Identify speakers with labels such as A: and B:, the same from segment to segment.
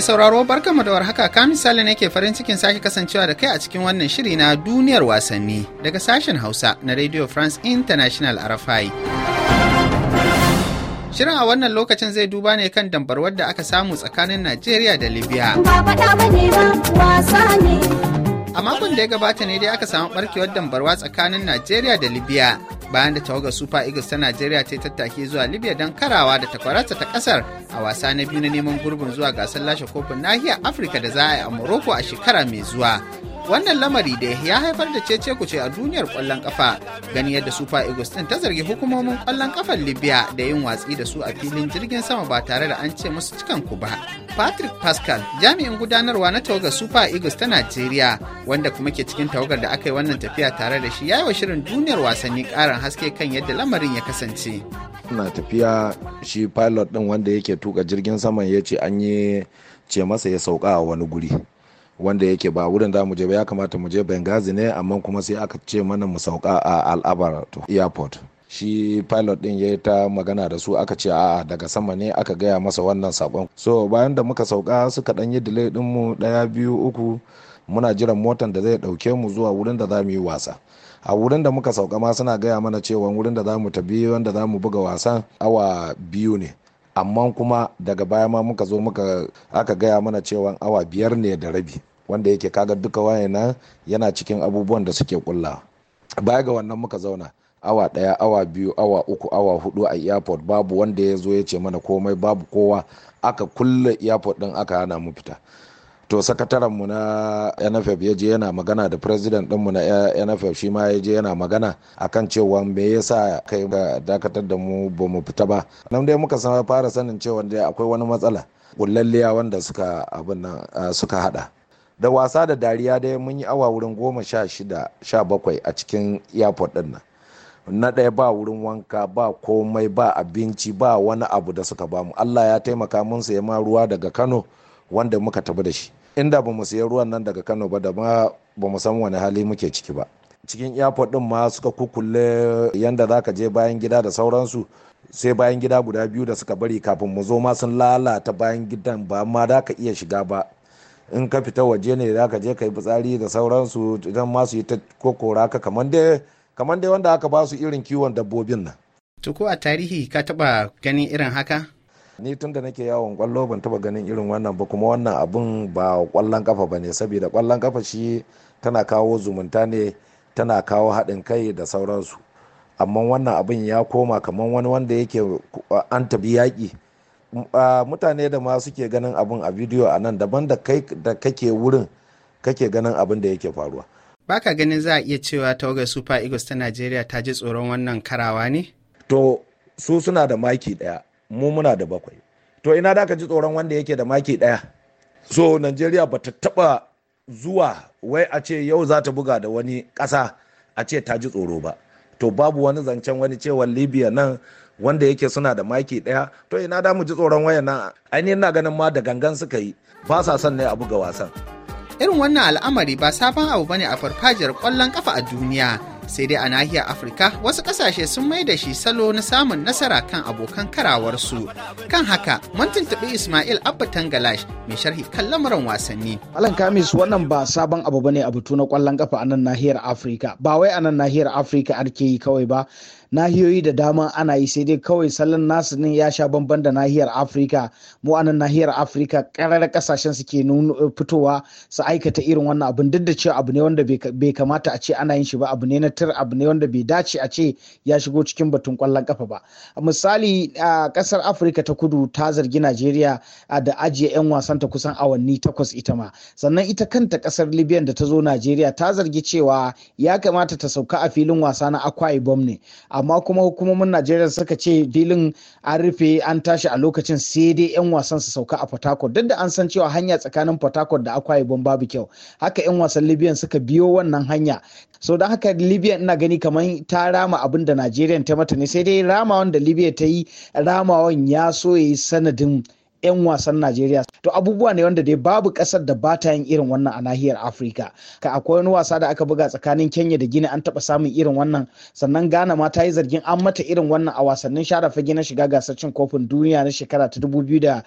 A: Mai sauraro mu da warhaka ka misali ne ke farin cikin sake kasancewa da kai a cikin wannan shiri na duniyar wasanni daga sashen Hausa na Radio France International RFI. Shirin a wannan lokacin zai duba ne kan dambarwar da aka samu tsakanin Najeriya da Libya. A makon da ya gabata ne dai aka samu barkewar dambarwa tsakanin Najeriya da Libya. bayan da tawagar super eagles ta najeriya ta yi tattaki zuwa libya don karawa da takwararta ta kasar a wasa na biyu na neman gurbin zuwa gasar lashe kofin nahiyar afirka da za a yi a morocco a shekara mai zuwa wannan lamari da ya haifar da cece kuce a duniyar kwallon kafa gani yadda super eagles din ta zargi hukumomin kwallon kafar libya da yin watsi da su a filin jirgin sama ba tare da an ce musu cikan ku ba patrick pascal jami'in gudanarwa na tawagar super eagles ta Najeriya, wanda kuma ke cikin tawagar da aka yi wannan tafiya tare da shi ya yi wa shirin duniyar wasanni karin haske kan yadda lamarin ya kasance
B: na tafiya shi pilot din wanda yake tuka jirgin saman ya ce an yi ce masa ya sauka a wani guri wanda yake ba wurin da mu je ba ya kamata mu je Benghazi ne amma kuma sai aka ce mana mu sauka a Al'abar airport shi pilot din ya ta magana da su aka ce a'a daga sama ne aka gaya masa wannan sakon so bayan da muka sauka suka dan yi delay din mu daya biyu uku muna jiran motan da zai dauke mu zuwa wurin da za mu yi wasa a wurin da muka sauka ma suna gaya mana cewa wurin da za mu tabi wanda za mu buga wasan awa biyu ne amma kuma daga baya ma muka zo muka aka gaya mana cewa awa biyar ne da rabi wanda yake kaga duka wayannan yana cikin abubuwan da suke kulla baya ga wannan muka zauna awa ɗaya awa biyu awa uku awa hudu a airport babu wanda ya zo ya ce mana komai babu kowa aka kulle airport din aka hana mu fita to sakataren mu na NFF ya je yana magana da president din mu na NFF shi ma ya yana magana akan cewa me yasa kai ga dakatar da mu ba mu fita ba nan dai muka fara sanin cewa dai akwai wani matsala kullalliya wanda suka abin nan suka hada da wasa da dariya dai mun yi awa wurin goma sha shida sha bakwai a cikin airport din nan na ɗaya ba wurin wanka ba komai ba abinci ba wani abu da suka bamu allah ya taimaka mun sayi ma ruwa daga kano wanda muka tafi da shi inda ba mu sayi ruwan nan daga kano ba da ma ba mu san wani hali muke ciki ba cikin airport din ma suka kukulle yanda za ka je bayan gida da sauransu sai bayan gida guda biyu da suka bari kafin mu zo ma sun lalata bayan gidan ba ma da ka iya shiga ba in ka fita waje ne za ka je ka yi fitsari da sauransu idan ma su yi ta kokora ka kamar dai kamar dai wanda aka ba su irin kiwon dabbobin nan.
A: To a tarihi ka taba ganin irin haka?
B: Ni tun da nake yawon kwallo ban taba ganin irin wannan ba kuma wannan abun ba kwallon kafa ba ne saboda kwallon kafa shi tana kawo zumunta ne tana kawo haɗin kai da sauransu. Amma wannan abin ya koma kamar wani wanda yake an tabi yaƙi. mutane da ma suke ganin abin a bidiyo a nan daban da kai da kake wurin kake ganin abin da yake faruwa
A: baka ganin za a iya cewa tawagar super eagles ta najeriya ta ji tsoron wannan karawa
B: ne to su suna da maki daya mu muna da bakwai to ina da ka ji tsoron wanda yake da maki daya so najeriya ba ta taba zuwa wai a ce yau za ta buga da wani kasa a ce ta ji tsoro ba to babu wani zancen wani cewa libya nan wanda yake suna da maki ɗaya to ina da mu ji tsoron wayan nan ainihin na ganin ma da gangan suka yi ba sa son ne a buga wasan
A: irin wannan al'amari ba sabon abu bane a farfajiyar kwallon kafa a duniya sai dai a nahiyar afirka wasu kasashe sun mai da shi salo na samun nasara kan abokan karawarsu kan haka mun tuntuɓi ismail abba tangalash mai sharhi kan lamarin wasanni
C: alan kamis wannan ba sabon abu bane a batu na kwallon kafa a nan nahiyar afirka ba wai a nan nahiyar afirka ake yi kawai ba nahiyoyi da dama ana yi sai dai kawai salon nasu ne ya sha bamban da nahiyar afirka mu anan nahiyar afirka karar kasashen suke eh, fitowa su aikata irin wannan abin duk da cewa abu ne wanda bai kamata a ce ana yin shi ba abu ne na tir abu ne wanda bai dace a ce ya shigo cikin batun kwallon kafa ba misali a kasar afirka ta kudu ta zargi najeriya da ajiye 'yan wasan ta kusan awanni takwas ita ma sannan ita kanta kasar libyan da ta zo najeriya ta zargi cewa ya kamata ta sauka a filin wasa na akwa ibom ne a amma kuma hukumomin najeriya suka ce filin an rufe an tashi a lokacin sai dai yan wasan su sauka a port duk da an san cewa hanya tsakanin port da akwa ibom babu kyau haka yan wasan libyan suka biyo wannan hanya so don haka libya ina gani kamar ta rama abin da najeriya ta mata ne sai dai ramawan da libya ta yi ramawan ya so ya yi sanadin 'yan wasan Najeriya. To abubuwa ne wanda dai babu ƙasar da ba ta yin irin wannan a nahiyar Afirka. Ka akwai wani wasa da aka buga tsakanin Kenya da Gini an taɓa samun irin wannan. Sannan Ghana ma ta yi zargin an mata irin wannan a wasannin share fage na shiga gasar cin kofin duniya na shekara ta 2022 da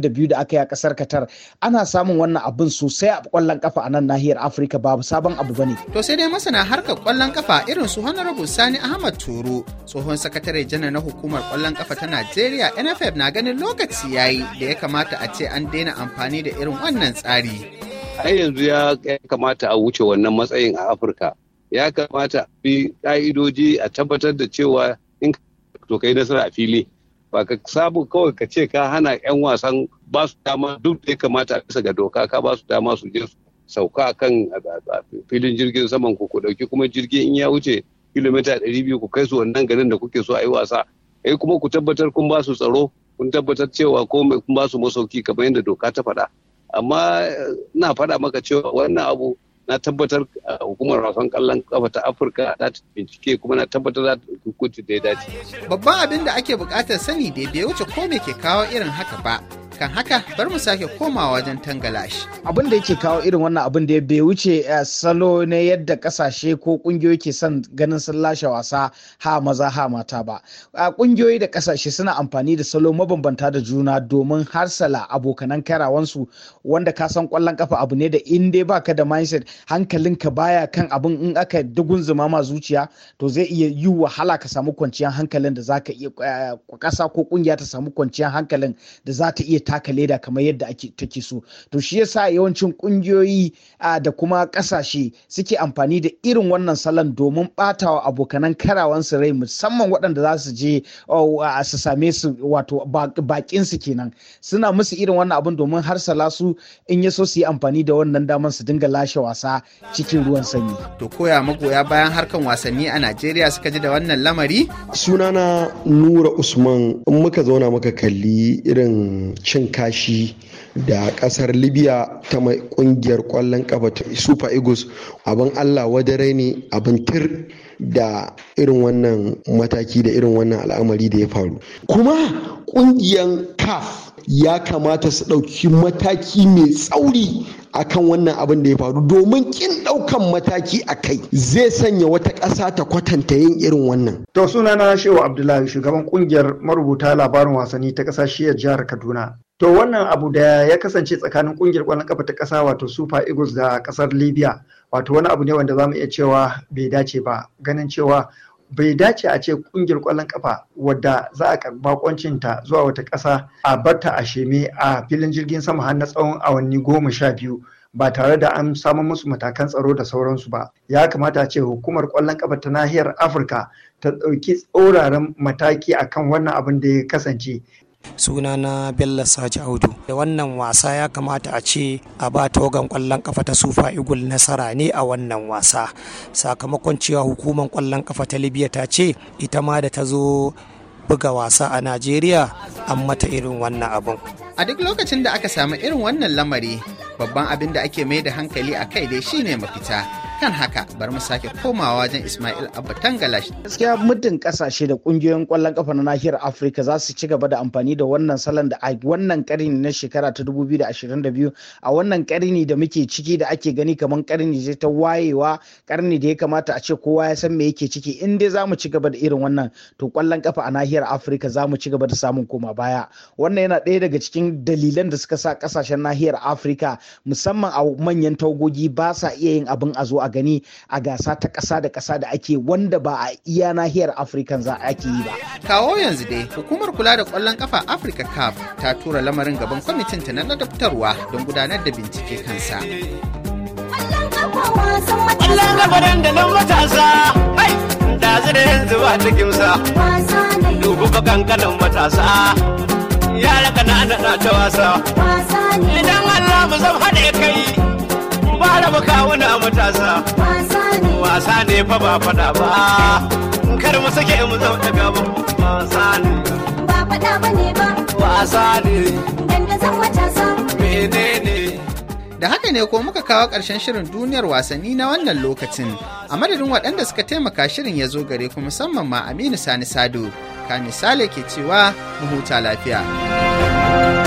C: da biyu aka yi a ƙasar Qatar. Ana samun wannan abin sosai a ƙwallon kafa a nan nahiyar Afirka babu sabon abu bane.
A: To sai dai masana harkar ƙwallon kafa irin su Honorable Sani Ahmad Toro, tsohon sakatare janar na hukumar ƙwallon kafa ta Najeriya NFF na ganin lokaci yayi yi da ya kamata a ce an daina amfani da irin wannan tsari?
B: Ai yanzu ya kamata a wuce wannan matsayin a Afirka. Ya kamata bi ƙa'idoji a tabbatar da cewa in to kai nasara a fili. Ba ka samu kawai ka ce ka hana 'yan wasan ba su dama duk da ya kamata a bisa ga doka ka ba su dama su je su sauka kan filin jirgin saman ku ku ɗauki kuma jirgin in ya wuce kilomita 200 ku kai su wannan garin da kuke so a yi wasa. Kai kuma ku tabbatar kun ba su tsaro kun tabbatar cewa komai kun ba su masauki kamar yadda doka ta faɗa amma eh, na faɗa maka cewa wannan abu na tabbatar eh, hukumar wasan kallon kafa ta afirka za ta bincike kuma na tabbatar za ta hukunci
A: da ya dace babban abin da ake buƙatar sani da ya wuce ko me ke kawo irin haka ba kan haka bari mu sake komawa wajen tangalashi.
C: abin da yake kawo irin wannan abin da ya bai wuce eh, salo ne yadda kasashe ko kungiyoyi ke son ganin sun lashe wasa ha maza ha mata ba kungiyoyi da kasashe suna amfani da salo mabambanta da juna domin harsala abokanan karawansu wanda ka san kwallon kafa abu ne da in dai baka da mindset hankalinka baya kan abin in aka dugun zuma ma zuciya to zai iya yi wahala ka samu kwanciyar hankalin da zaka iya kasa eh, ko kungiya ta samu kwanciyar hankalin da za ta iya taka leda kamar yadda ake take so to shi yasa yawancin kungiyoyi ah, da kuma kasashe suke amfani da irin wannan salon domin batawa abokanan karawansu rai musamman waɗanda za su je oh, su same su wato bakin su kenan suna musu irin wannan abun domin harsala su in ya so su yi amfani da wannan damar su dinga lashe wasa cikin ruwan sanyi to
A: koya magoya bayan harkan wasanni a Najeriya suka ji da wannan lamari
B: sunana Nura Usman in muka zauna muka kalli irin cin kashi da kasar libya ta mai kungiyar kwallon kafa ta super eagles abin allah wadare ne abin tir da irin wannan mataki da irin wannan al'amari da ya faru kuma kungiyar caf ya kamata su ɗauki mataki mai tsauri akan wannan abin da ya faru domin kin ɗaukan mataki a kai zai
C: sanya wata ƙasa ta kwatanta
B: yin irin wannan. To sunana shewa Abdullahi shugaban kungiyar marubuta labarin wasanni ta ƙasa jihar Kaduna. To
C: wannan abu da ya kasance tsakanin kungiyar ƙwallon ƙafa ta ƙasa wato Super Eagles da ƙasar Libya wato wani abu ne wanda zamu mu iya cewa bai dace ba ganin cewa bai dace a ce kungiyar kwallon kafa wadda za a karba ta zuwa wata ƙasa a barta a sheme a filin jirgin sama har na tsawon awanni goma sha biyu ba tare da an samu musu matakan tsaro da sauransu ba ya kamata a ce hukumar kwallon kafa ta nahiyar afirka ta ɗauki tsauraran mataki akan wannan abin da ya kasance
A: Suna na bello saji audu da wannan wasa ya kamata a ce a ba wagan kwallon kafa ta sufa igul nasara ne a wannan wasa sakamakon cewa hukumar kwallon kafa ta libya ta ce ita ma da ta zo buga wasa a najeriya an mata irin wannan abin a duk lokacin da aka samu irin wannan lamari babban abin da ake mai da hankali a kai dai shine mafita kan haka bari mu sake komawa wajen Ismail Abba Tangalash.
C: Gaskiya muddin kasashe da kungiyoyin kwallon kafa na nahiyar Afirka za su ci gaba da amfani da wannan salon da a wannan karni na shekara ta 2022 a wannan karni da muke ciki da ake gani kamar karni ce ta wayewa karni da ya kamata a ce kowa ya san me yake ciki in dai za mu ci gaba da irin wannan to kwallon kafa a nahiyar Afirka za mu ci gaba da samun koma baya wannan yana ɗaya daga cikin dalilan da suka sa kasashen nahiyar Afirka musamman a manyan taugogi ba sa iya yin abin a zo a a gani a gasa ta ƙasa da ƙasa da ake wanda ba a iya nahiyar afirka za a ake yi ba
A: kawo yanzu dai hukumar kula da ƙwallon kafa afirka cup ta tura lamarin gaban kwamitin ta na ladabtarwa don gudanar da bincike kansa
B: Allah na faɗin da nan matasa, ai,
A: da ba ta kimsa, dubu ka kankanin matasa, yara na ta wasa, idan Allah mu zama haɗe kai. kawo na
B: matasa wasa ne fa ba fada ba kar mu sake mu zauna gaba wasa ne ba fada ba ne ba wasa ne
A: Da haka ne ko muka kawo ƙarshen shirin duniyar wasanni na wannan lokacin, a madadin waɗanda suka taimaka shirin ya zo gare ku musamman ma Aminu Sani Sado, ka misali ke cewa mu huta lafiya.